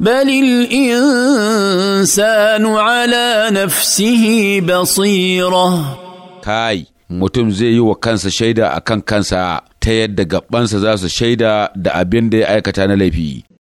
بل الإنسان على نفسه بصيرة كاي mutum zai yi wa kansa shaida a kan kansa ta yadda gabansa za su shaida da abin da ya aikata na laifi